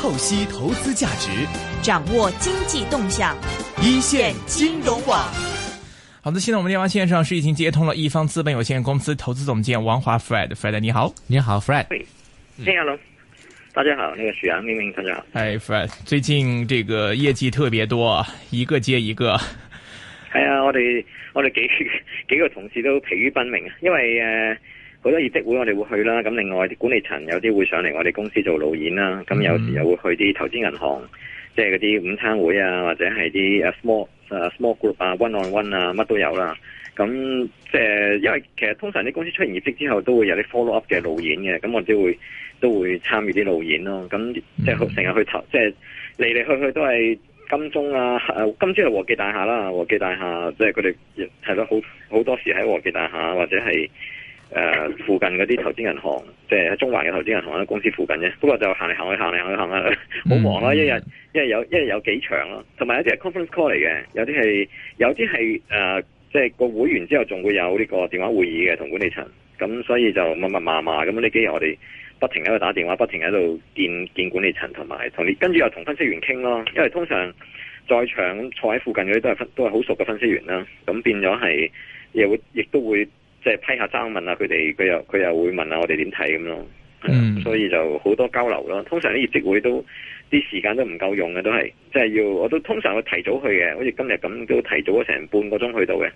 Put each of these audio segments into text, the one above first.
透析投資價值，掌握經濟動向，一線金融網。好的，現在我們電話線上是已經接通了易方資本有限公司投資總監王華 （Fred）。Fred，你好，你好，Fred。你好，大家好，那個許陽明明，大家好。嗨、hey,，Fred，最近這個業績特別多，好一個接一個。係啊、hey,，我哋我哋幾幾個同事都疲於奔命啊，因為、uh, 好多業績會我哋會去啦，咁另外啲管理層有啲會上嚟我哋公司做路演啦，咁有時又會去啲投資銀行，即係嗰啲午餐會啊，或者係啲 small small group 啊，one on one 啊，乜都有啦。咁即係因為其實通常啲公司出完業績之後都會有啲 follow up 嘅路演嘅，咁我哋都會都會參與啲路演咯。咁即係成日去投，即係嚟嚟去去都係金鐘啊，金鐘係和記大廈啦，和記大廈即係佢哋係咯，好好多時喺和記大廈或者係。誒、呃，附近嗰啲投資銀行，即係喺中環嘅投資銀行喺公司附近啫。不過就行嚟行去，行嚟行去行，好忙啦！一日一日有，一日有幾場啦。同埋有啲係 conference call 嚟嘅，有啲係有啲係誒，即、呃、係、就是、個會員之後仲會有呢個電話會議嘅同管理層。咁所以就密密麻麻咁呢幾日，我哋不停喺度打電話，不停喺度見見管理層，同埋同跟住又同分析員傾咯。因為通常在場坐喺附近嗰啲都係都係好熟嘅分析員啦。咁變咗係又會亦都會。即係批下生問下，佢哋佢又佢又會問下，我哋點睇咁咯，所以就好多交流咯。通常啲業績會都啲時間都唔夠用嘅，都係即係要，我都通常會提早去嘅，好似今日咁都提早咗成半個鐘去到嘅。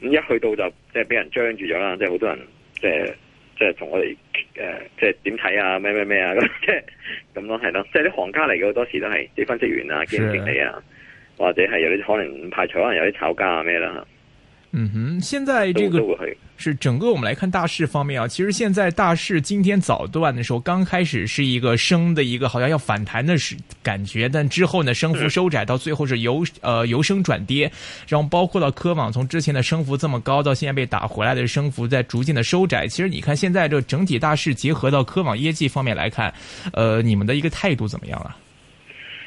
咁一去到就即係俾人張住咗啦，即係好多人即係即係同我哋誒，即係點睇啊？咩咩咩啊？咁即係咁咯，係咯。即係啲行家嚟嘅，好多時都係啲分析員啊、基金經理啊，的或者係有啲可能唔排除可能有啲炒家啊咩啦。嗯哼，現在這個是整個我們來看大勢方面啊。其實現在大勢今天早段的時候，剛開始是一個升的一個，好像要反彈的時感覺，但之後呢，升幅收窄，到最後是由，呃，由升轉跌，然後包括到科網，從之前的升幅這麼高，到現在被打回來的升幅在逐漸的收窄。其實你看現在這整體大勢結合到科網業績方面來看，呃，你們的一個態度怎麼樣啊？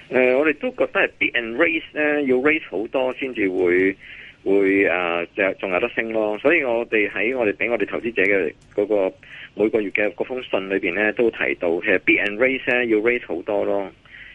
呃，我哋都覺得係 beat and raise 呢、呃、要 raise 好多先至會。會就仲、呃、有得升咯，所以我哋喺我哋俾我哋投資者嘅嗰個每個月嘅嗰封信裏面咧，都提到其實 beat and raise 呢要 raise 好多咯，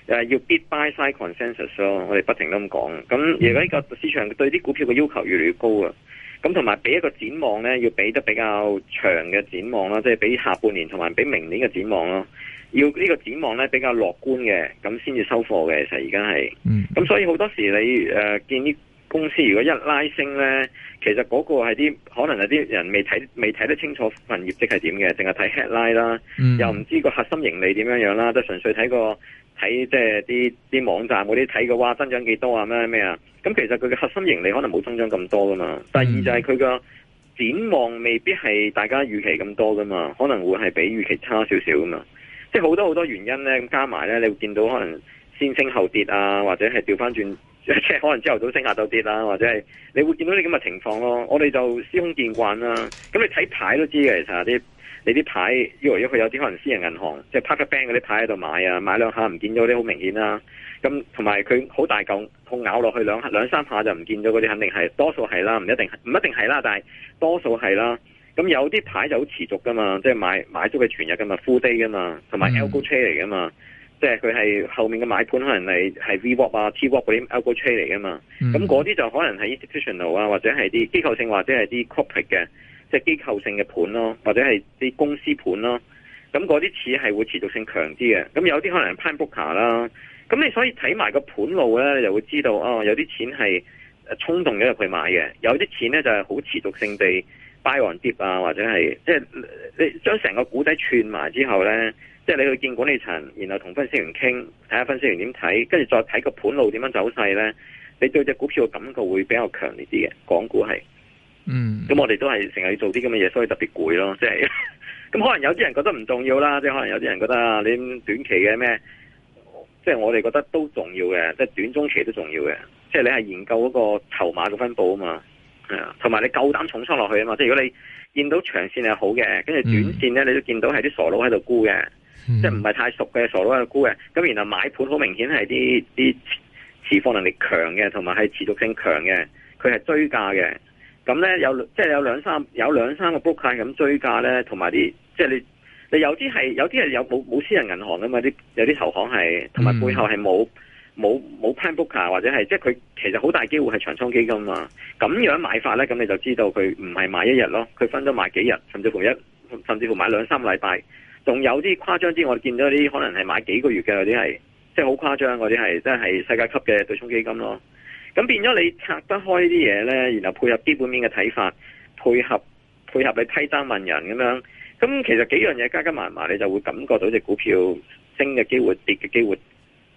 要 beat by side consensus 咯，我哋不停都咁講。咁而家呢個市場對啲股票嘅要求越嚟越高啊，咁同埋俾一個展望咧，要俾得比較長嘅展望啦，即係俾下半年同埋俾明年嘅展望咯，要呢個展望咧比較樂觀嘅，咁先至收貨嘅。其實而家係，咁所以好多時你誒、呃、見呢公司如果一拉升咧，其實嗰個係啲可能有啲人未睇未睇得清楚份業績係點嘅，淨係睇 headline 啦，嗯、又唔知個核心盈利點樣樣啦，都純粹睇個睇即係啲啲網站嗰啲睇個話增長幾多啊咩咩啊，咁、啊、其實佢嘅核心盈利可能冇增長咁多噶嘛。第二就係佢個展望未必係大家預期咁多噶嘛，可能會係比預期差少少噶嘛。即係好多好多原因咧，加埋咧，你會見到可能先升後跌啊，或者係調翻轉。即係 可能朝頭早升下，早跌啦，或者係你會見到啲咁嘅情況咯。我哋就司空見慣啦。咁你睇牌都知嘅，其實啲你啲牌，因為而家佢有啲可能私人銀行，即係 pack band 嗰啲牌喺度買啊，買兩下唔見咗啲好明顯啦。咁同埋佢好大嚿，痛咬落去兩兩三下就唔見咗嗰啲，肯定係多數係啦，唔一定唔一定係啦，但係多數係啦。咁有啲牌就好持續噶嘛，即係買買足佢全日噶嘛，full day 噶嘛，同埋 algo trade 嚟噶嘛。即係佢係後面嘅買盤可能係係 vwap 啊 twap 嗰啲 algo trade 嚟噶嘛，咁嗰啲就可能係 institutional 啊或者係啲機構性或者係啲 copy 嘅，即係機構性嘅盤咯，或者係啲公司盤咯，咁嗰啲似係會持續性強啲嘅，咁有啲可能 prime broker 啦，咁你所以睇埋個盤路咧，你就會知道哦，有啲錢係衝動咗入去買嘅，有啲錢咧就係好持續性地 buy on dip 啊，或者係即係你將成個股底串埋之後咧。即係你去見管理層，然後同分析員傾，睇下分析員點睇，跟住再睇個盤路點樣走勢咧。你對隻股票嘅感覺會比較強烈啲嘅，港股係。嗯。咁我哋都係成日要做啲咁嘅嘢，所以特別攰咯。即係，咁可能有啲人覺得唔重要啦，即係可能有啲人覺得你麼短期嘅咩，即係我哋覺得都重要嘅，即係短中期都重要嘅。即係你係研究嗰個籌碼嘅分布啊嘛。係、嗯、啊，同埋你夠膽重倉落去啊嘛。即係如果你見到長線係好嘅，跟住短線咧，你都見到係啲傻佬喺度沽嘅。嗯、即係唔係太熟嘅傻佬嘅沽嘅，咁然後買盤好明顯係啲啲持貨能力強嘅，同埋係持續性強嘅，佢係追價嘅。咁咧有即係有兩三有兩三個 broker 咁追價咧，同埋啲即係你你有啲係有啲係有冇冇私人銀行啊嘛？啲有啲投行係，同埋背後係冇冇冇、嗯、plan broker 或者係即係佢其實好大機會係長倉基金嘛。咁樣買法咧，咁你就知道佢唔係買一日咯，佢分咗買幾日，甚至乎一甚至乎買兩三個禮拜。仲有啲誇張啲，我見到啲可能係買幾個月嘅，有啲係即係好誇張，嗰啲係真係世界級嘅對沖基金咯。咁變咗你拆得開啲嘢呢，然後配合基本面嘅睇法，配合配合你批單問人咁樣，咁其實幾樣嘢加加埋埋，你就會感覺到隻股票升嘅機會、跌嘅機會，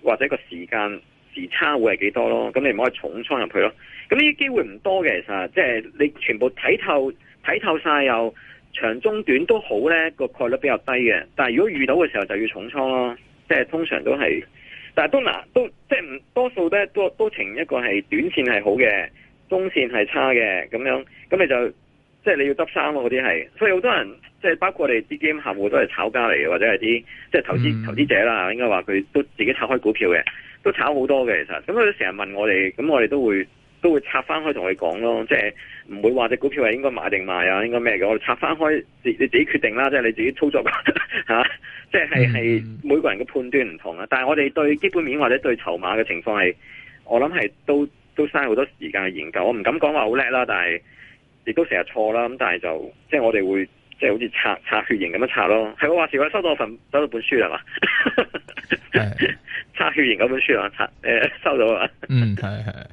或者一個時間時差會係幾多咯。咁你唔可以重倉入去咯。咁呢啲機會唔多嘅，其實即係你全部睇透睇透晒又。長中短都好呢，個概率比較低嘅。但係如果遇到嘅時候就要重倉咯，即係通常都係，但係都難都即係唔多數都都呈一個係短線係好嘅，中線係差嘅咁樣，咁你就即係你要執生啊嗰啲係。所以好多人即係包括我哋啲基金客戶都係炒家嚟嘅，或者係啲即係投資投資者啦，應該話佢都自己炒開股票嘅，都炒好多嘅其實。咁佢都成日問我哋，咁我哋都會。都會拆翻開同佢講咯，即係唔會話隻股票係應該買定賣啊，應該咩嘅？我哋拆翻開自你自己決定啦，即係你自己操作吓，即係，係每個人嘅判斷唔同啦。但係我哋對基本面或者對籌碼嘅情況係，我諗係都都嘥好多時間去研究。我唔敢講話好叻啦，但係亦都成日錯啦。咁但係就即係我哋會即係好似拆拆血型咁樣拆咯。係我話時，我收到我份收到本書係嘛？拆血型嗰本書啊？誒，收到啊？嗯，係係。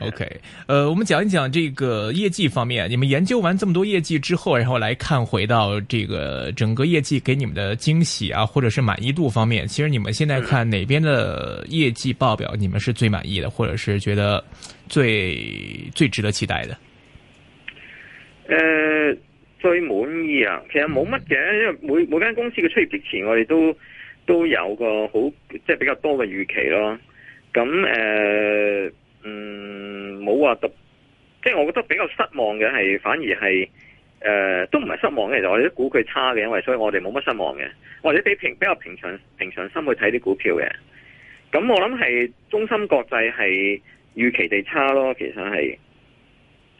OK，呃，我們講一講這個業績方面，你們研究完這麼多業績之後，然後來看回到這個整個業績給你們的驚喜啊，或者是滿意度方面，其實你們現在看哪邊的業績報表，你們是最滿意的，或者是覺得最最值得期待的？呃，最滿意啊，其實冇乜嘅，因為每每間公司嘅出業績前，我哋都都有個好即係比較多嘅預期咯，咁誒。呃嗯，冇話讀，即係我覺得比較失望嘅係，反而係誒、呃，都唔係失望嘅，其實我哋都估佢差嘅，因為所以我哋冇乜失望嘅，或者比平比較平常平常心去睇啲股票嘅。咁我諗係中芯國際係預期地差咯，其實係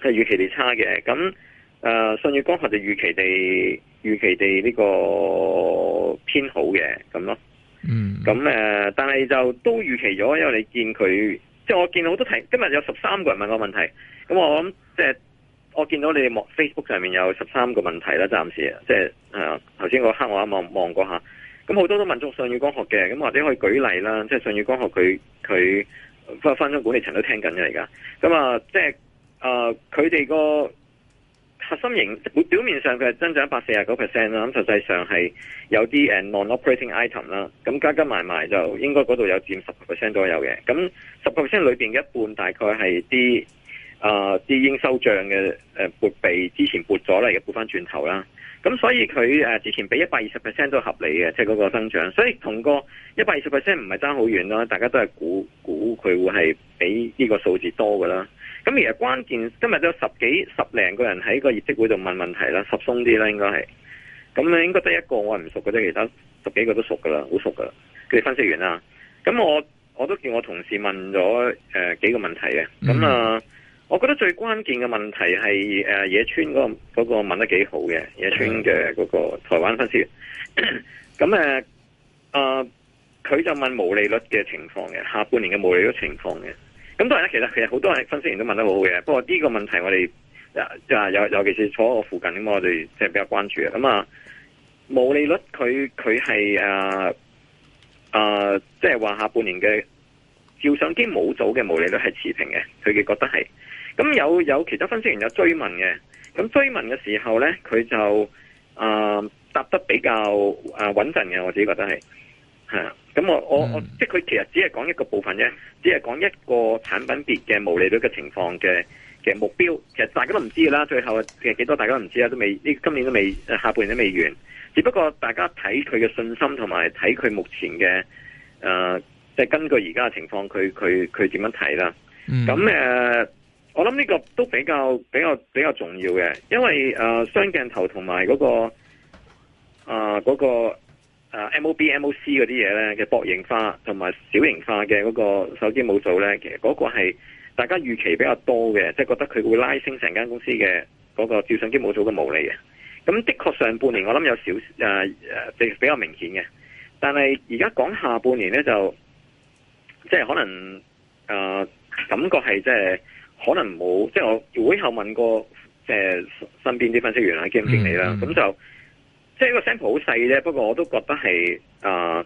係預期地差嘅。咁誒，舜、呃、宇光學就預期地預期地呢個偏好嘅咁咯。嗯，咁誒、嗯呃，但係就都預期咗，因為你見佢。即係我見到好多題，今日有十三個人問我問題，咁我諗即係我見到你哋 Facebook 上面有十三個問題啦，暫時即係係啊頭先嗰刻我一望望過下，咁好多都民族舜宇光學嘅，咁或者可以舉例啦，即係舜宇光學佢佢分分咗管理層都聽緊嚟㗎，咁啊即係啊佢哋個。呃核心型表面上佢係增長一百四十九 percent 啦，咁實際上係有啲誒 non-operating item 啦，咁加加埋埋就應該嗰度有佔十個 percent 左右嘅，咁十個 percent 裏邊一半大概係啲啊啲應收帳嘅誒撥備之前撥咗嚟嘅撥返轉頭啦，咁所以佢誒之前比一百二十 percent 都合理嘅，即係嗰個增長，所以同個一百二十 percent 唔係爭好遠啦，大家都係估估佢會係比呢個數字多噶啦。咁而家關鍵今日都有十幾十零個人喺個業績會度問問題啦，十鬆啲啦應該係，咁你應該得一個我係唔熟嘅啫，其他十幾個都熟噶啦，好熟噶啦，佢哋分析員啦。咁我我都叫我同事問咗誒、呃、幾個問題嘅，咁啊、呃，我覺得最關鍵嘅問題係誒、呃、野村嗰、嗰個問、嗰個問得幾好嘅，野村嘅嗰個台灣分析員。咁誒，佢、呃呃、就問毛利率嘅情況嘅，下半年嘅毛利率情況嘅。咁當然，其實其實好多係分析員都問得好好嘅，不過呢個問題我哋啊尤尤其是坐喺我附近，咁我哋即係比較關注嘅。咁啊，毛利率佢佢係啊即係話下半年嘅照相機冇組嘅毛利率係持平嘅，佢嘅覺得係。咁有有其他分析員有追問嘅，咁追問嘅時候咧，佢就啊、呃、答得比較穩陣嘅，我自己覺得係。咁我、mm. 我我，即係佢其實只係講一個部分啫，只係講一個產品別嘅毛利率嘅情況嘅嘅目標，其實大家都唔知啦。最後其實幾多，大家唔知啦，都未呢今年都未，下半年都未完。只不過大家睇佢嘅信心同埋睇佢目前嘅誒，即、呃、係、就是、根據而家嘅情況，佢佢佢點樣睇啦？咁誒、mm. 呃，我諗呢個都比較比較比較重要嘅，因為誒雙鏡頭同埋嗰個誒嗰個。呃嗰個啊，M O B、M O C 嗰啲嘢咧嘅薄型化同埋小型化嘅嗰個手機模組咧，其實嗰個係大家預期比較多嘅，即係覺得佢會拉升成間公司嘅嗰個照相機模組嘅毛利嘅。咁的確上半年我諗有少誒、呃、比較明顯嘅。但係而家講下半年咧，就即係可能啊、呃，感覺係即係可能冇，即係我會後問過即係身邊啲分析員啊、經理啦，咁、mm hmm. 就。即係個 sample 好細啫，不過我都覺得係、呃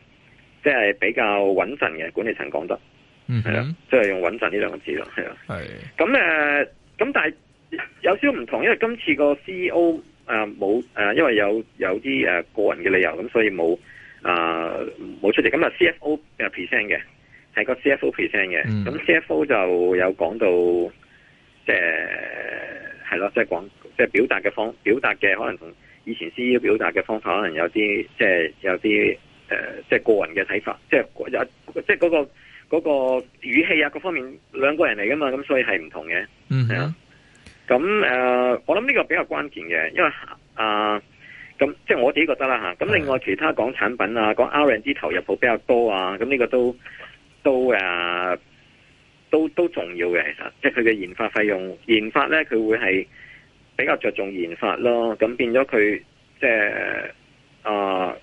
即係嗯、哼啊，即係比較穩陣嘅管理層講得，嗯係啊，即係用穩陣呢兩個字咯，係啊，係、呃。咁誒，咁但係有少少唔同，因為今次個 C E O 誒冇誒，因為有有啲誒、呃、個人嘅理由，咁所以冇啊冇出席。咁啊 C F O 誒 present 嘅，係個 C F O present 嘅，咁、嗯、哼 C F O 就有講到即係。呃係咯，即係講，即、就、係、是、表達嘅方，表達嘅可能同以前 CEO 表達嘅方法，可能有啲即係有啲誒，即、呃、係、就是、個人嘅睇法，即係即係嗰個嗰、那個語氣啊，各、那個、方面兩個人嚟噶嘛，咁所以係唔同嘅，嗯哼，係啊，咁誒、呃，我諗呢個比較關鍵嘅，因為啊，咁、呃、即係我自己覺得啦吓，咁、啊、另外其他講產品啊，講 R&D 投入度比較多啊，咁呢個都都誒。啊都都重要嘅，其實即係佢嘅研發費用，研發咧佢會係比較着重研發咯，咁變咗佢即係啊、呃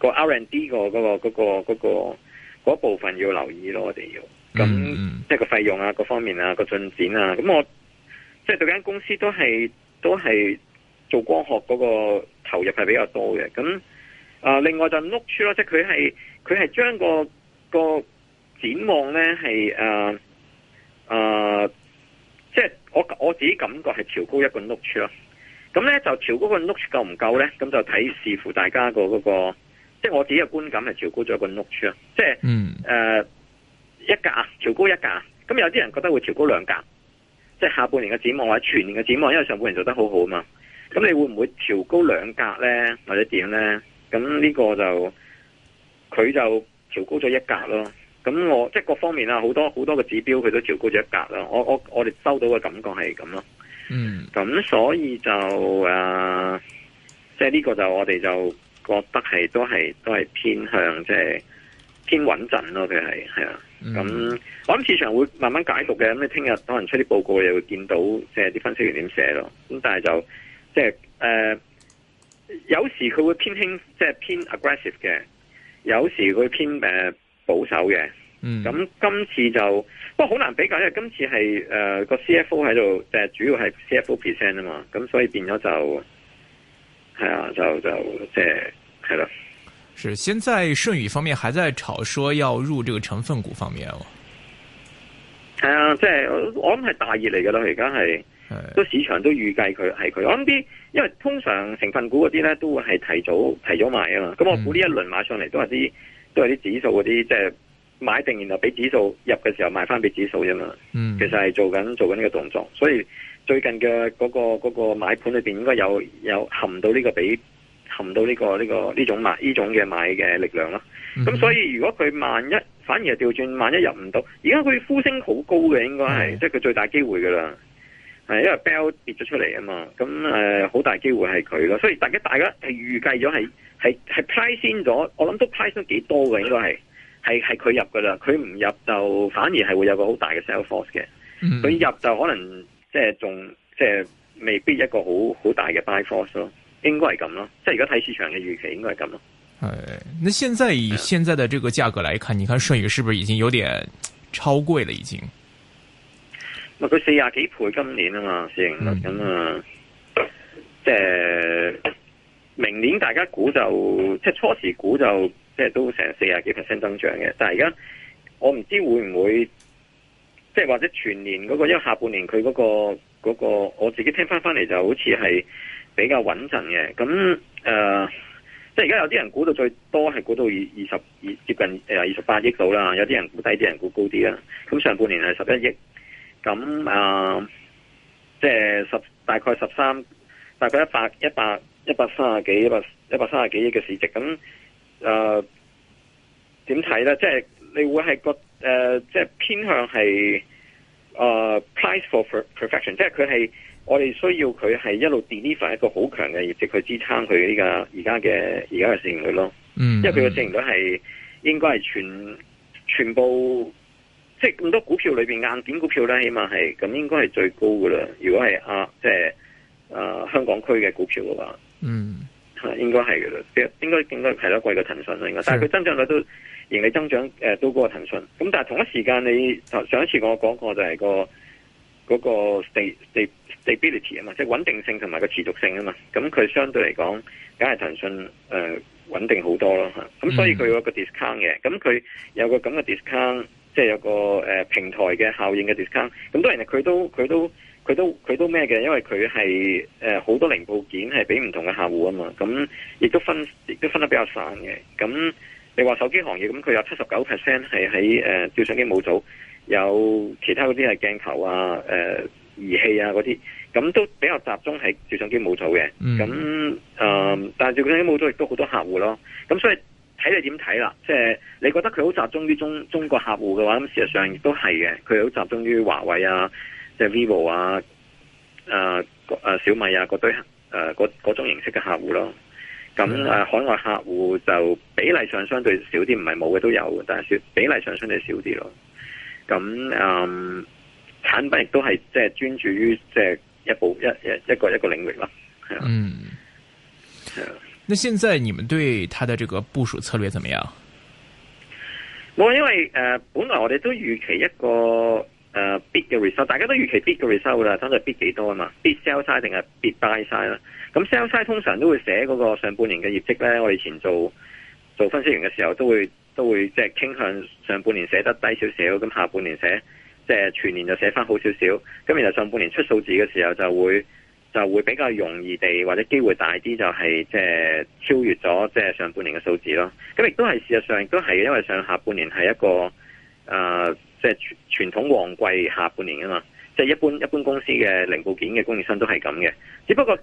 嗰個 R&D、嗰個嗰、嗰個嗰、嗰個嗰個部分要留意咯，我哋要咁、mm hmm. 即係個費用啊，各方面啊，個進展啊，咁我即係對間公司都係都係做光學嗰個投入係比較多嘅，咁啊、呃、另外就 Nucleus 咯，即係佢係佢係將個個展望咧係誒。誒、呃，即係我我自己感覺係調高一個 notch 咯，咁咧就調高個 notch 夠唔夠咧？咁就睇視乎大家個嗰、那個，即係我自己嘅觀感係調高咗個 notch 啊，即係誒、嗯呃、一格啊，調高一格，咁有啲人覺得會調高兩格，即係下半年嘅展望或者全年嘅展望，因為上半年做得好好啊嘛，咁你會唔會調高兩格咧？或者點咧？咁呢個就佢就調高咗一格咯。咁我即係各方面啊，好多好多嘅指標佢都調高咗一格啦。我我我哋收到嘅感覺係咁咯。嗯，咁所以就誒、呃，即係呢個就我哋就覺得係都係都係偏向即係、就是、偏穩陣咯。佢係係啊。咁、嗯、我諗市場會慢慢解讀嘅。咁你聽日可能出啲報告又會見到，即係啲分析員點寫咯。咁但係就即係誒、呃，有時佢會偏輕，即係偏 aggressive 嘅；有時佢偏誒。呃保守嘅，咁、嗯、今次就不過好難比較，因為今次係誒個 CFO 喺度，誒、呃就是、主要係 CFO percent 啊嘛，咁所以變咗就係啊，就就即係係咯。是，啊、是，現在舜宇方面還在炒說要入這個成分股方面是啊？係、就、啊、是，即係我諗係大熱嚟噶啦，而家係都市場都預計佢係佢，我諗啲因為通常成分股嗰啲咧都會係提早提早買，啊嘛，咁我估呢一輪馬上嚟都係啲。嗯都係啲指數嗰啲，即係買定，然後俾指數入嘅時候賣翻俾指數啫嘛。嗯，其實係做緊做緊呢個動作，所以最近嘅嗰個嗰個買盤裏邊應該有有含到呢個俾含到呢個呢個呢種買呢種嘅買嘅力量咯。咁、mm hmm. 所以如果佢萬一反而係調轉，萬一入唔到，而家佢呼聲好高嘅，應該係即係佢最大機會噶啦。係因為 bell 跌咗出嚟啊嘛，咁誒好大機會係佢咯。所以大家大家係預計咗係。係係 price in 咗，我諗都 price 咗幾多嘅，應該係係係佢入噶啦，佢唔入就反而係會有個好大嘅 sell force 嘅。佢、嗯、入就可能即係仲即係未必一個好好大嘅 buy force 咯，應該係咁咯，即係而家睇市場嘅預期應該係咁咯。係，那現在以現在的這個價格嚟看，你看舜宇是不是已經有點超貴喇？已經，咪佢四廿幾倍今年啊嘛市盈率咁啊，即係。明年大家估就即係初時估就即係都成四十幾 percent 增長嘅，但係而家我唔知會唔會即係或者全年嗰個因為下半年佢嗰個嗰個我自己聽翻翻嚟，就好似係比較穩陣嘅，咁誒、呃、即係而家有啲人估到最多係估到二十二十二接近誒、呃、二十八億到啦，有啲人估低啲，人估高啲啦。咁上半年係、呃就是、十一億，咁啊即係十大概十三，大概一百一百。一百卅幾一百一百卅幾億嘅市值，咁誒點睇咧？即、呃、係、就是、你會係覺誒，即、呃、係、就是、偏向係誒、呃、price for perfection，即係佢係我哋需要佢係一路 deliver 一個好強嘅業績去支撐佢呢個而家嘅而家嘅市盈率咯。嗯,嗯，嗯、因為佢嘅市盈率係應該係全全部即係咁多股票裏邊硬點股票咧，起碼係咁應該係最高噶啦。如果係啊，即、就、係、是。啊、呃，香港區嘅股票嘅話，嗯，應該係嘅，應該應該係咧貴過騰訊啊，應該，但係佢增長率都盈利增長誒、呃、都高過騰訊。咁、嗯、但係同一時間，你上一次我講過就係個嗰、那個 stability 啊嘛，即係穩定性同埋個持續性啊嘛。咁、嗯、佢、嗯、相對嚟講，梗係騰訊誒穩定好多咯。咁、嗯、所以佢有，有個 discount 嘅，咁佢有個咁嘅 discount，即係有個誒平台嘅效應嘅 discount。咁當然，佢都佢都。它都佢都佢都咩嘅？因為佢係誒好多零部件係俾唔同嘅客戶啊嘛，咁亦都分亦都分得比較散嘅。咁、嗯、你話手機行業，咁佢有七十九 percent 係喺誒照相機模組，有其他嗰啲係鏡頭啊、誒、呃、儀器啊嗰啲，咁、嗯、都比較集中喺照相機模組嘅。咁、嗯、誒、嗯嗯，但係照相機模組亦都好多客戶咯。咁、嗯、所以睇你點睇啦，即、就、係、是、你覺得佢好集中於中中國客戶嘅話，咁、嗯、事實上亦都係嘅，佢好集中於華為啊。即係 vivo 啊，誒、啊、誒小米啊嗰堆誒嗰嗰種形式嘅客戶咯，咁誒海外客戶就比例上相對少啲，唔係冇嘅都有，但係少比例上相對少啲咯。咁誒、嗯、產品亦都係即係專注於即係一部一一一個一個領域啊，嗯，係啊。那現在你們對他的這個部署策略怎麼樣？我因為誒、呃、本來我哋都預期一個。誒，beat 嘅 result，大家都預期 beat 嘅 result 啦，真係 beat 幾多啊嘛？beat sell side 定係 beat buy side 啦？咁 sell side 通常都會寫嗰個上半年嘅業績呢。我以前做做分析員嘅時候都會，都會都會即係傾向上半年寫得低少少，咁下半年寫即係全年就寫翻好少少。咁然後上半年出數字嘅時候，就會就會比較容易地或者機會大啲，就係即係超越咗即係上半年嘅數字咯。咁亦都係事實上亦都係因為上下半年係一個誒。呃即係傳統旺季下半年啊嘛，即係一般一般公司嘅零部件嘅供應商都係咁嘅，只不過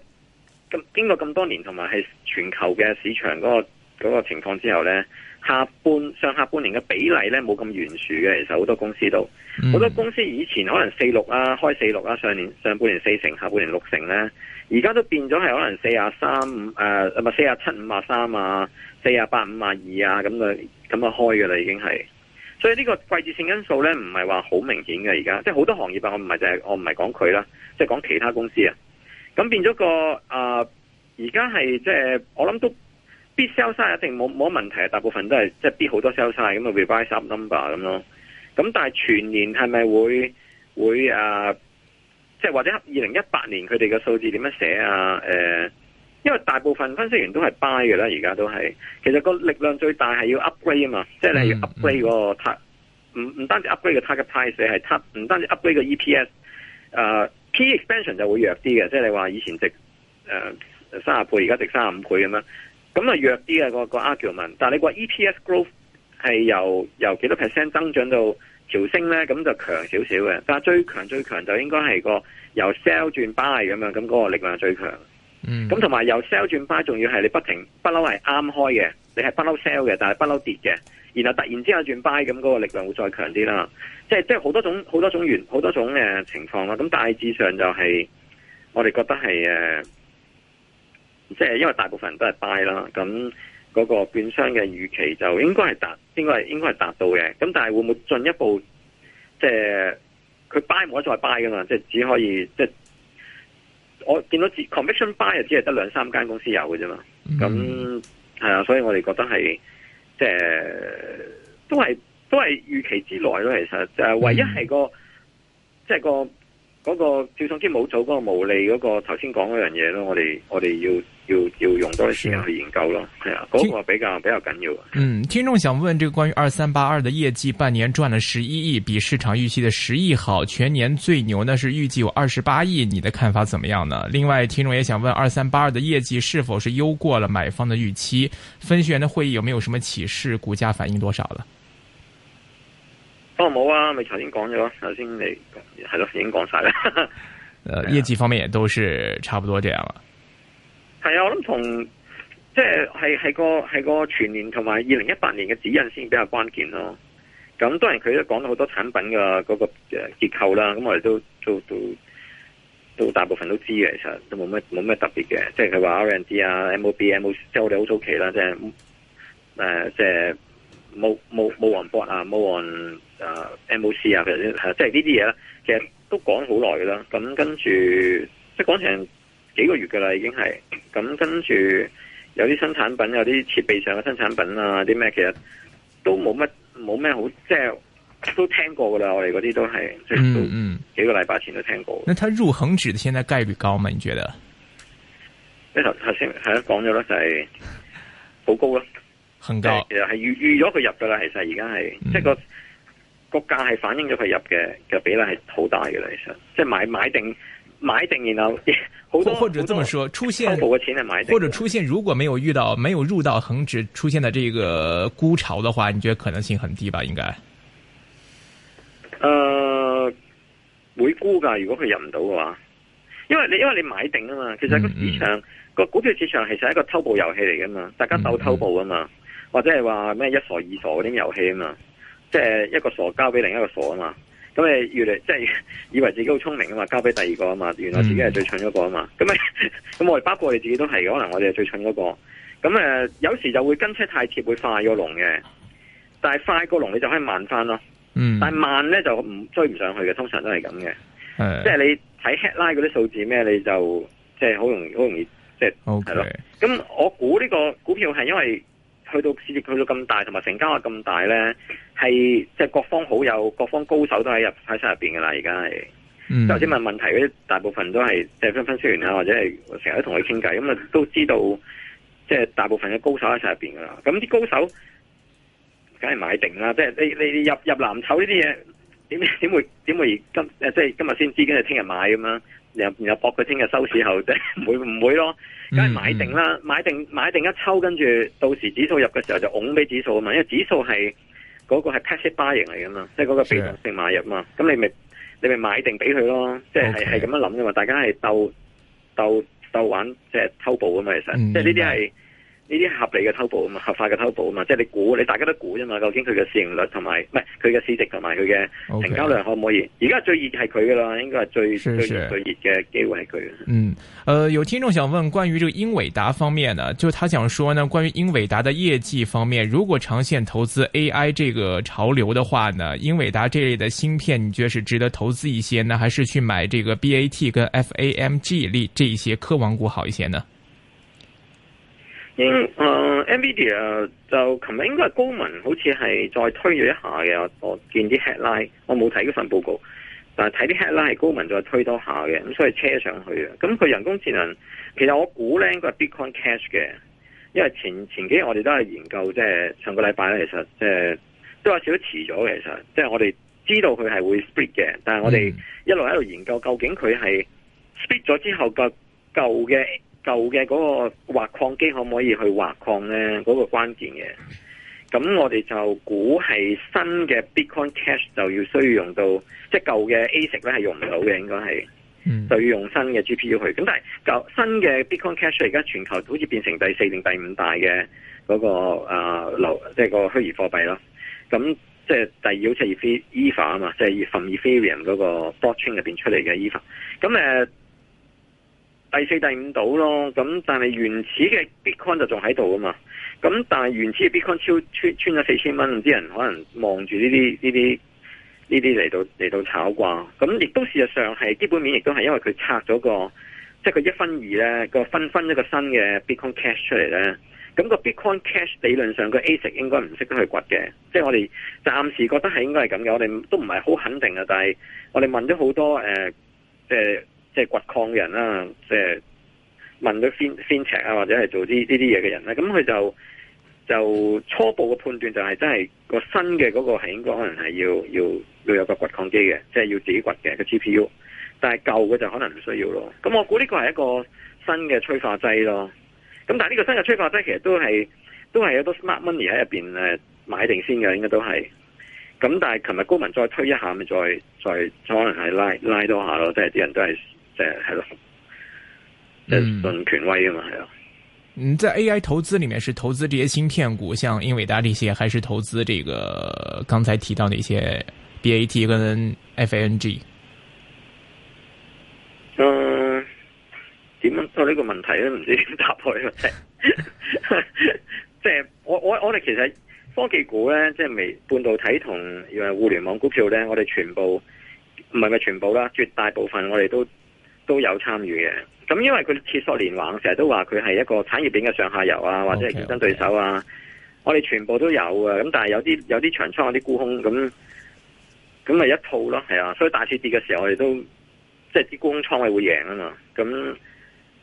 咁經過咁多年同埋係全球嘅市場嗰個嗰個情況之後呢，下半上下半年嘅比例呢冇咁懸殊嘅，其實好多公司都，嗯，好多公司以前可能四六啊開四六啊，上年上半年四成，下半年六成呢，而家都變咗係可能四廿三五誒，唔係四廿七五廿三啊，四廿八五廿二啊，咁樣咁樣開嘅啦，已經係。所以呢個季節性因素咧，唔係話好明顯嘅而家，即係好多行業啊，我唔係就係我唔係講佢啦，即係講其他公司啊。咁變咗個啊，而家係即係我諗都必 sell side 一定冇冇問題，大部分都係即係必好多 sell side 咁啊 revise up number 咁咯。咁但係全年係咪會會啊、呃？即係或者二零一八年佢哋嘅數字點樣寫啊？呃因為大部分分析員都係 buy 嘅啦，而家都係，其實個力量最大係要 upgrade 啊嘛，嗯、即係你要 upgrade、個 target，唔唔、嗯、單止 upgrade 個 target 嘅 price 係 target，唔單止 upgrade 個 EPS，誒、呃、P expansion 就會弱啲嘅，即係你話以前值誒三十、呃、倍，而家值三十五倍咁啦，咁啊弱啲嘅、個、個、argument，但係你話 EPS growth 係由由幾多 percent 增長到調升咧，咁就強少少嘅，但係最強最強就應該係個由 sell 轉 buy 咁樣，咁嗰個力量最強。咁同埋由 sell 轉 buy，仲要係你不停不嬲係啱開嘅，你係不嬲 sell 嘅，但係不嬲跌嘅，然後突然之間轉 buy，咁嗰個力量會再強啲啦。即係即係好多種好多種原好多種情況啦。咁大致上就係我哋覺得係誒，即係因為大部分人都係 buy 啦，咁嗰個券商嘅預期就應該係達，應該係應該係達到嘅。咁但係會唔會進一步即係佢 buy 冇得再 buy 噶嘛？即係只可以即係。我見到 commission buy 又只係得兩三間公司有嘅啫嘛，咁係啊，所以我哋覺得係，即係都係都係預期之內咯，其實就係唯一係個，嗯、即係個。嗰、那個趙尚之冇做嗰個無利嗰、那個頭先講嗰樣嘢咯，我哋我哋要要要用多啲時間去研究咯，係、哦、啊，嗰個比較聽 比較緊要。嗯，聽眾想問，這個關於二三八二的業績，半年賺了十一億，比市場預期的十億好，全年最牛，呢是預計有二十八億，你的看法怎麼樣呢？另外，聽眾也想問，二三八二的業績是否是優過了買方的預期？分析員的會議有沒有什麼啟示？股價反應多少了？都冇、哦、啊，咪頭先講咗，頭先你係咯，已經講晒啦。誒，業績方面亦都係差唔多這樣啦。係 啊，我諗同即係係係個係個全年同埋二零一八年嘅指引先比較關鍵咯。咁、嗯、當然佢都講到好多產品嘅嗰個誒結構啦。咁、嗯、我哋都都都都大部分都知嘅，其實都冇咩冇咩特別嘅。即係佢話 RND 啊、MOB、MOC，即係我哋好早期啦，即係誒、呃，即係冇冇冇王博啊，冇王。誒、uh, m c 啊，其實係即係呢啲嘢啦，其實都講好耐啦。咁跟住即係講成幾個月噶啦，已經係咁跟住，有啲新產品，有啲設備上嘅新產品啊，啲咩其實都冇乜冇咩好，即係都聽過噶啦。我哋嗰啲都係，嗯嗯，幾個禮拜前都聽過、嗯嗯。那佢入恒指的現在概率高嘛？你覺得？你頭頭先係講咗啦，就係好高咯，很高。其實係預預咗佢入噶啦，其實而家係即係個。股價係反映咗佢入嘅嘅比例係好大嘅，其實即係買買定買定，買定然後好或者咁說，出現或或者出現如果沒有遇到沒有入到恒指出現的呢個沽潮嘅話，你覺得可能性很低吧？應該、呃，誒會沽噶，如果佢入唔到嘅話，因為你因為你買定啊嘛，其實個市場嗯嗯個股票市場其實係一個偷步遊戲嚟噶嘛，大家鬥偷步啊嘛，嗯嗯或者係話咩一傻二傻嗰啲遊戲啊嘛。即係一個傻交俾另一個傻啊嘛，咁你越嚟即係以為自己好聰明啊嘛，交俾第二個啊嘛，原來自己係最蠢嗰個啊嘛，咁咁我哋包括我自己都係，可能我哋係最蠢嗰個。咁誒、呃、有時就會跟車太貼，會快個龍嘅，但係快個龍你就可以慢翻咯。嗯、但係慢咧就唔追唔上去嘅，通常都係咁嘅。即係是的 你睇 headline 嗰啲數字咩？你就即係好容好容易即係係咯。咁、就是、Okay 我估呢個股票係因為。去到市值去到咁大，同埋成交額咁大咧，係即係各方好友、各方高手都喺入喺晒入面㗎啦。而家係即係頭先問問題嗰啲，大部分都係即係分分輸完啊，或者係成日都同佢傾偈，咁、嗯、啊都知道，即、就、係、是、大部分嘅高手喺晒入面噶啦。咁、嗯、啲高手梗係買定啦、就是，即係你你入入藍籌呢啲嘢，點會點會今即係今日先知，跟住聽日買咁樣？然後然後搏佢聽日收市後，即係唔會唔會咯？梗係買定啦，嗯、買定買定一抽，跟住到時指數入嘅時候就㧬俾指數啊嘛，因為指數係嗰個係 passive buy 型嚟噶嘛，即係嗰個被動性買入嘛，咁你咪你咪買定俾佢咯，即係係咁樣諗噶嘛，大家係鬥鬥鬥玩即係偷步啊嘛，其實、嗯、即係呢啲係。呢啲合理嘅偷保啊嘛，合法嘅偷保啊嘛，即係你估，你大家都估啫嘛，究竟佢嘅市盈率同埋，唔係佢嘅市值同埋佢嘅成交量可唔可以？而家 Okay. 最熱係佢噶啦，應該係最是是最熱嘅機會係佢。嗯，呃，有聽眾想問關於這個英偉達方面呢，就他想說呢，關於英偉達嘅業績方面，如果長線投資 A I 這個潮流的話呢，英偉達這類的芯片你覺得是值得投資一些呢，還是去買這個 B A T 跟 F A M G 類這些科網股好一些呢？誒、嗯呃、Nvidia 就琴日應該係高文，好似係再推咗一下嘅。我見啲 headline，我冇睇嗰份報告，但係睇啲 headline 係高文再推多下嘅。咁所以車上去啊。咁佢人工智能，其實我估咧，應該係 Bitcoin Cash 嘅，因為前前幾日我哋都係研究，即、就、係、是、上個禮拜咧，其實即、就、係、是、都有少少遲咗嘅。其實即係、就是、我哋知道佢係會 split 嘅，但係我哋一路喺度研究究竟佢係 split 咗之後個舊嘅。舊嘅嗰個挖礦機可唔可以去挖礦咧？嗰、那個關鍵嘅，咁我哋就估係新嘅 Bitcoin Cash 就要需要用到，即係舊嘅 ASIC 咧係用唔到嘅，應該係，就要用新嘅 GPU 去。咁但係舊新嘅 Bitcoin Cash 而家全球好似變成第四定第五大嘅嗰、那個啊流、呃就是，即係個虛擬貨幣咯。咁即係第二好似係 Ether 啊嘛，即、就、係、是、from Ethereum 嗰、那個 Blockchain 入邊出嚟嘅 Ether 咁誒。第四、第五倒咯，咁但係原始嘅 Bitcoin 就仲喺度啊嘛，咁但係原始嘅 Bitcoin 超，超穿穿咗四千蚊，啲人可能望住呢啲呢啲呢啲嚟到嚟到炒啩，咁亦都事實上係基本面亦都係因為佢拆咗個即係佢一分二咧，個分分一個新嘅 Bitcoin Cash 出嚟咧，咁個 Bitcoin Cash 理論上個 ASIC 應該唔識得去掘嘅，即係我哋暫時覺得係應該係咁嘅，我哋都唔係好肯定啊，但係我哋問咗好多即係、呃呃即係掘礦嘅人啦，即係問佢 fintech 啊，或者係做啲呢啲嘢嘅人咧，咁佢就就初步嘅判斷就係、是、真係個新嘅嗰個係應該可能係要要要有個掘礦機嘅，即係要自己掘嘅個 G P U，但係舊嘅就可能唔需要咯。咁我估呢個係一個新嘅催化劑咯。咁但係呢個新嘅催化劑其實都係都係有好多 smart money 喺入邊誒買定先嘅，應該都係。咁但係琴日高文再推一下咪再再，再可能係拉拉多下咯，即係啲人都係。誒，係咯，論權威啊嘛，係啊。嗯，在 A I 投資裏面，是投資這些芯片股，像英偉達這些，還是投資這個剛才提到的那些 B A T 跟 F A N G？嗯、呃，點啊？呢、哦，這個問題咧，唔知點答佢咯。即 係、 就是、我我我哋其實科技股咧，即係未半導體同又係互聯網股票咧，我哋全部唔係咪全部啦？絕大部分我哋都。都有參與嘅，咁因為佢鐵索連橫，成日都話佢係一個產業鏈嘅上下游啊，或者係競爭對手啊，okay, okay. 我哋全部都有啊。咁但係有啲有啲長倉有啲沽空，咁咁咪一套咯，係啊。所以大市跌嘅時候，我哋都即係啲沽空倉位會贏啊嘛，咁。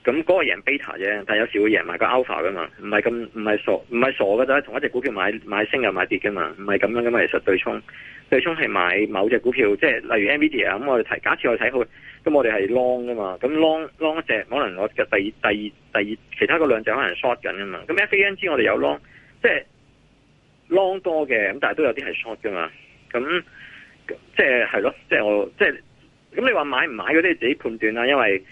咁嗰個贏 beta 啫，但有時會贏埋個 alpha 噶嘛，唔係咁唔係傻唔係傻噶啫，同一隻股票買買升又買跌噶嘛，唔係咁樣噶嘛，其實對沖對沖係買某隻股票，即係例如 Nvidia 啊、嗯，咁我哋睇假設我哋睇佢，咁我哋係 long 噶嘛，咁 long long 一隻，可能我嘅第第第二，第二，第二其他嗰兩隻可能 short 緊噶嘛，咁 FANG 我哋有 long，即係 long 多嘅，咁但係都有啲係 short 噶嘛，咁即係係咯，即係我即係，咁你話買唔買嗰啲你自己判斷啦，因為。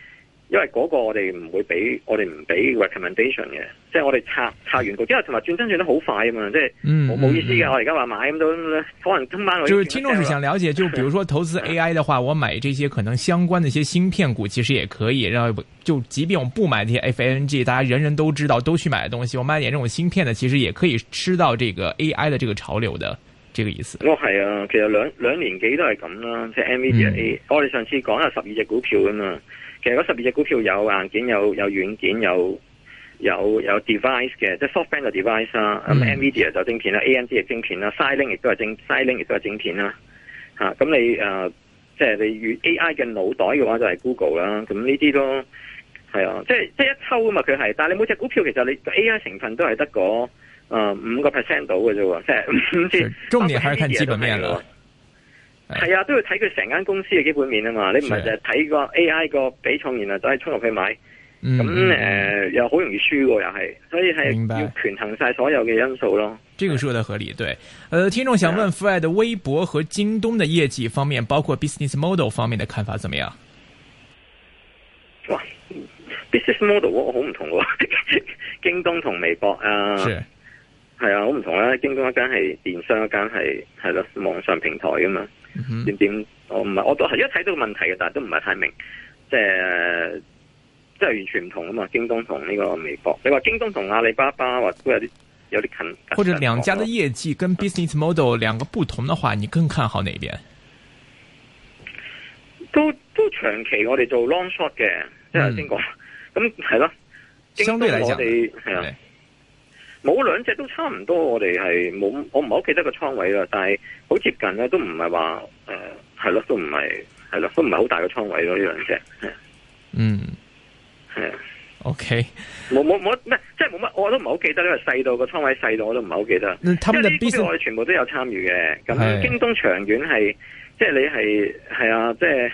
因為嗰個我哋唔會俾，我哋唔俾 recommendation 嘅，即係我哋拆拆完股之後，因為同埋轉身轉得好快啊嘛，即係冇冇意思嘅。我而家話買咁多可能今晚。就是聽眾是想了解，就比如說投資 A I 的話， 我買這些可能相關的一些芯片股，其實也可以。然後就即便我不買這些 F A N G，大家人人都知道都去買的東西，我買點這種芯片呢，其實也可以吃到這個 A I 的這個潮流的這個意思。哦係啊，其實兩兩年幾都係咁啦，即係 NVDA。我哋上次講有十二隻股票噶嘛。其實嗰十二隻股票有硬件，有有軟件，有有有 device 嘅，即係 Softbank 就 device 啦，咁 NVIDIA 就晶片啦，AMD 亦晶片啦，Silicon 亦都係晶 Silicon 亦都係晶片啦。吓、啊，咁你誒，即、呃、係、就是、你越 AI 嘅腦袋嘅話就係 Google 啦、啊，咁呢啲都係啊，即係即係一抽啊嘛佢係，但係你每隻股票其實你的 AI 成分都係得個誒五個 percent 到嘅啫，即係唔知。重點係看基本面啦。係啊，都要睇佢成間公司嘅基本面啊嘛，是你唔係就睇個 AI 個比重，然後就係衝落去買，咁誒、嗯呃、又好容易輸噶又係，所以係要權衡晒所有嘅因素咯。白這個說得合理，對，誒是、呃，聽眾想問 Fred 的微博和京東的業績方面，包括 business model 方面的看法怎麼樣？哇，business model 好唔同， 京東同微博啊，係是啊，好唔同啦。京東一間係電商一是，一間係係網上平台噶嘛。嗯、哼點點我唔係我都係一睇到個問題嘅，但係都唔係太明，即係即係完全唔同啊嘛！京東同呢個美國，你話京東同阿里巴巴，話都有啲有啲近。或者兩家嘅業績跟 business model 兩個不同嘅話，嗯、你更看好哪邊？都都長期我哋做 long short 嘅，即係先講？咁係咯，嗯、相對嚟講，你，係啊。冇兩隻都差唔多，我哋係冇，我唔係好記得個倉位啦。但係好接近咧，都唔係話誒係咯，都唔係係咯，都唔係好大個倉位咯。呢兩隻，嗯，係啊的，OK，冇冇冇咩，即係冇乜，我都唔係好記得，因為細到個倉位細到我都唔係好記得。因為呢啲我哋、嗯、全部都有參與嘅，咁的京東長遠係即係你係係啊，即係。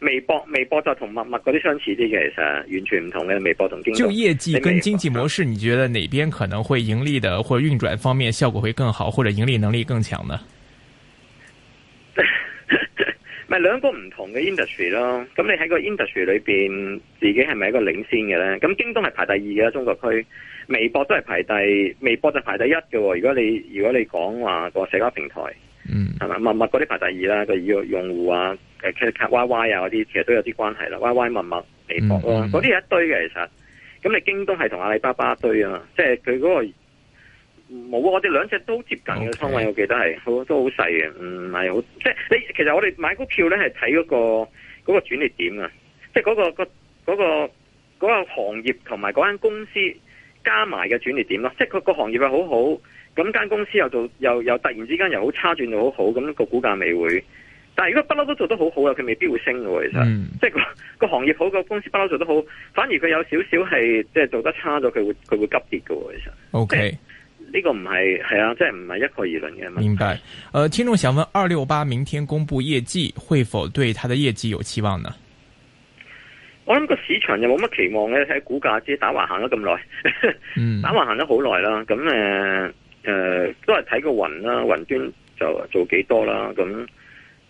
微博，微博就同陌陌嗰啲相似啲嘅，其實完全唔同嘅。微博同京東，就業績跟經濟模式，你覺得哪邊可能會盈利的，或者運轉方面效果會更好，或者盈利能力更強呢？咪兩個唔同嘅 industry 咯。咁你喺個 industry 裏邊，自己係咪一個領先嘅咧？咁京東係排第二嘅，中國區，微博都係排第二，微博就排第一嘅。如果你如果你講話個社交平台。嗯，係嘛，陌陌嗰啲排第二啦，個用用戶啊，誒，其實卡 Y Y 啊嗰啲其實都有啲關係啦，Y Y 陌陌、微博咯，嗰、嗯、啲一堆嘅其實，咁你京東係同阿里巴巴一堆啊，即係佢嗰個冇，我哋兩隻都接近嘅倉位，Okay. 我記得係，好都好細嘅，唔係好，即係你其實我哋買股票咧係睇嗰個嗰、嗰個轉捩點啊，即係嗰、嗰個、嗰個嗰、嗰個嗰、嗰個行業同埋嗰間公司加埋嘅轉捩點咯，即係佢個行業係好好。咁間公司又做又又突然之間又好差轉到好好，咁、那個股價未會。但係如果不嬲都做得好好啊，佢未必會升嘅喎，其實。嗯、即係個行業好個公司不嬲做得好，反而佢有少少係即係做得差咗，佢會佢會急跌嘅喎，其實 Okay。O K，呢個唔係係啊，即係唔係一概而論嘅。明白。誒、呃，聽眾想問二六八明天公布業績，會否對它的業績有期望呢？我諗個市場又冇乜期望咧，睇股價即打橫行咗咁耐，打 橫行咗好耐啦。咁誒。呃誒、呃，都係睇個雲啦，雲端就做幾多啦，咁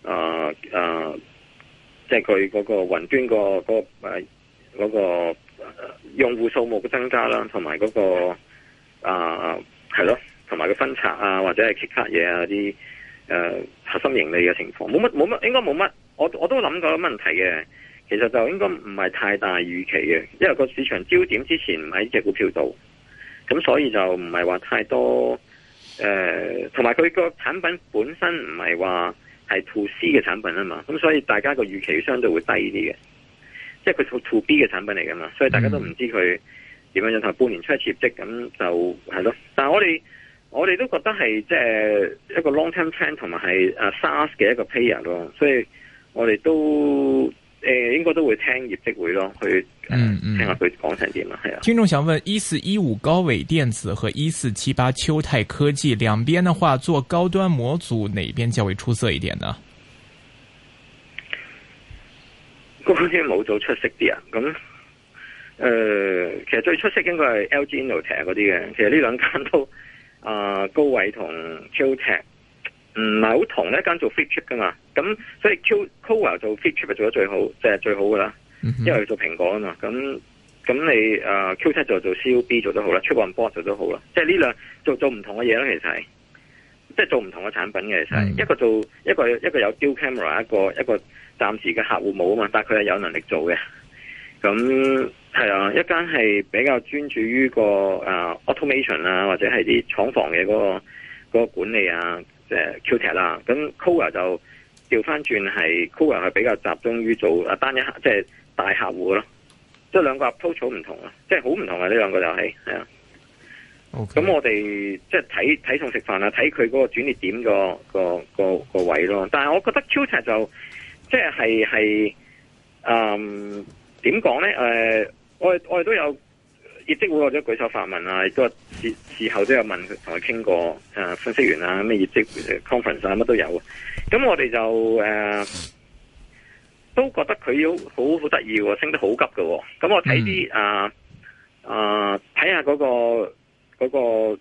啊啊，即係佢嗰個雲端、那個、那個誒嗰個用戶數目嘅增加啦，同埋嗰個、呃、啊係咯，同埋個分拆啊或者係其他嘢啊啲誒、呃、核心盈利嘅情況，冇乜冇乜，應該冇乜，我我都諗過個問題嘅，其實就應該唔係太大預期嘅，因為個市場焦點之前唔喺隻股票度，咁所以就唔係話太多。誒，同埋佢個產品本身唔係話係 to C 嘅產品啊嘛，咁所以大家個預期相對會低啲嘅，即係佢 to to B 嘅產品嚟噶嘛，所以大家都唔知佢點樣樣同半年出一次業績，咁就係咯。但係我哋我哋都覺得係即係一個 long term trend 同埋係 SaaS 嘅一個 player 咯，所以我哋都。誒，應該都會聽業績會咯，去嗯聽下佢講成點啦，係啊。聽眾想問：一四一五高偉電子和一四七八秋泰科技兩邊嘅話，做高端模組，哪邊較為出色一點呢？高端模組出色啲啊，咁誒、呃，其實最出色應該係 LG Innotek 嗰啲嘅，其實呢兩間都啊、呃、高偉同秋泰。唔係好同一間做 feature 噶嘛，咁所以 Q Cover 做 feature 係做得最好，即、就、係、是、最好噶啦，嗯、哼因為做蘋果啊嘛，咁咁你誒、呃、Q 七就做，做 COB 做得好啦，Chip on Board 做得好啦，即係呢兩做做唔同嘅嘢啦，其實，即係做唔同嘅產品嘅其實、嗯一個做，一個做一個一個有 Dual Camera，一個一個暫時嘅客戶冇啊嘛，但係佢係有能力做嘅，咁係啊，一間係比較專注於個誒、呃、Automation 啊，或者係啲廠房嘅嗰、那個、那個管理啊。即係 QTA 啦，咁、uh, Cover 就調翻轉係 Cover 係比較集中於做啊單一即係、就是、大客戶咯，即係兩個 approach 唔同咯，即係好唔同啊！呢兩 Okay.、就是、個就係，係啊，咁我哋即係睇睇餸食飯啦，睇佢嗰個轉捩點、那個個個、那個位咯。但係我覺得 QTA 就即係係，嗯、就是，點講咧？誒、呃呃，我我哋都有。業績會或者舉手發文啊，亦都事事後都有問佢同佢傾過。誒、啊，分析員啊，咩業績 conference 什麼啊，乜都有。咁我哋就誒都覺得佢好好得意，升得好急嘅。咁我睇啲誒誒，睇下嗰個、嗰個，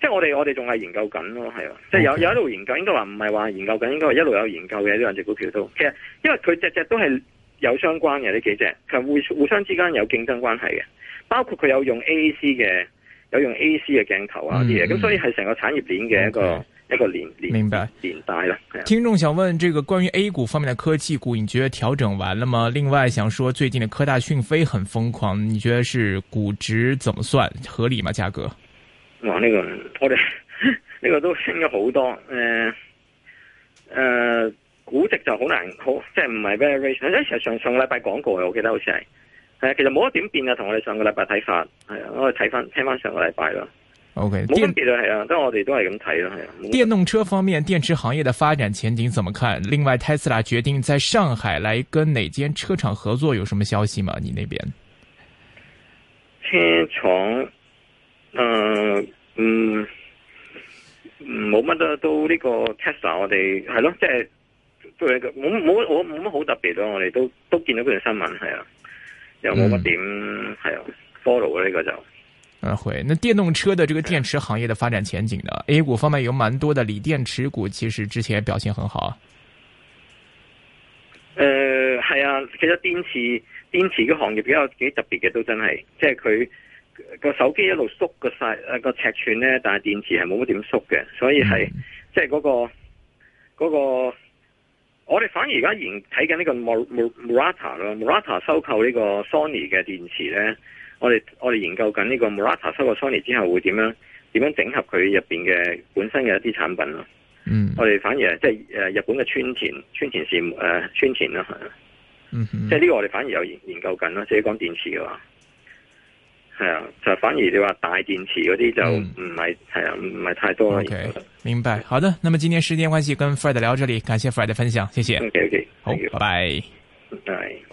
即係我哋我哋仲係研究緊咯，係啊，即係有有一路研究，應該話唔係話研究緊，應該係一路有研究嘅呢兩隻股票都。其實因為佢只只都係有相關嘅呢幾隻，係互互相之間有競爭關係嘅。包括佢有用 A C 嘅，有用 A C 嘅鏡頭啊啲嘢，咁、嗯、所以係成個產業鏈嘅一個 Okay. 一個連連明白連帶啦。了聽眾想問，這個關於 A 股方面的科技股，你覺得調整完了嗎？另外，想說最近的科大訊飛很瘋狂，你覺得是估值怎麼算合理嗎？價格？哇這個、我呢個我哋呢個都升咗好多誒誒、呃呃，估值就好難好，即係唔係 very 誒，上上禮拜講過嘅我記得好似係。係啊，其實冇乜點變啊，同我哋上個禮拜睇法係啊，我哋睇翻聽翻上個禮拜咯。OK，冇分別係啊，但我們都我哋都係咁睇咯，係啊。電動車方面，電池行業嘅發展前景怎麼看？另外，Tesla 決定在上海嚟跟哪間車廠合作？有什麼消息嘛？你呢邊？車廠，誒、呃，嗯，冇乜都呢、呢個 Tesla，我哋係咯，即係冇冇冇乜好特別咯，我哋都都見到嗰條新聞係啊。有冇乜點係啊 follow 呢、嗯、個就嗯會、啊。那電動車的這個電池行業的發展前景呢的？A 股方面有蠻多的鋰電池股，其實之前表現很好、啊。誒，係啊，其實電池電池嘅行業比較幾特別嘅，都真係，即係佢個手機一路縮個 size 個尺寸呢，但、呃、係、呃呃、電池係冇乜點縮嘅，所以係、嗯、即係嗰個個。那個我哋反而而家研睇緊呢個 Mur Murata 咯，Murata 收購呢個 Sony 嘅電池咧，我哋我哋研究緊呢個 Murata 收購 Sony 之後會點樣點樣整合佢入邊嘅本身嘅一啲產品咯。嗯，我哋反而即係誒日本嘅村田村田是誒村田啦，係啦，嗯哼，即係呢個我哋反而有研研究緊咯，即係講電池嘅話。係啊，就反而你話大電池嗰啲就唔係，係、嗯、啊唔係太多啦。Okay, 明白，好的。那麼今天時間關係，跟 Fred 聊到這裏，感謝 Fred 的分享，謝謝。OK OK，好，拜拜。拜。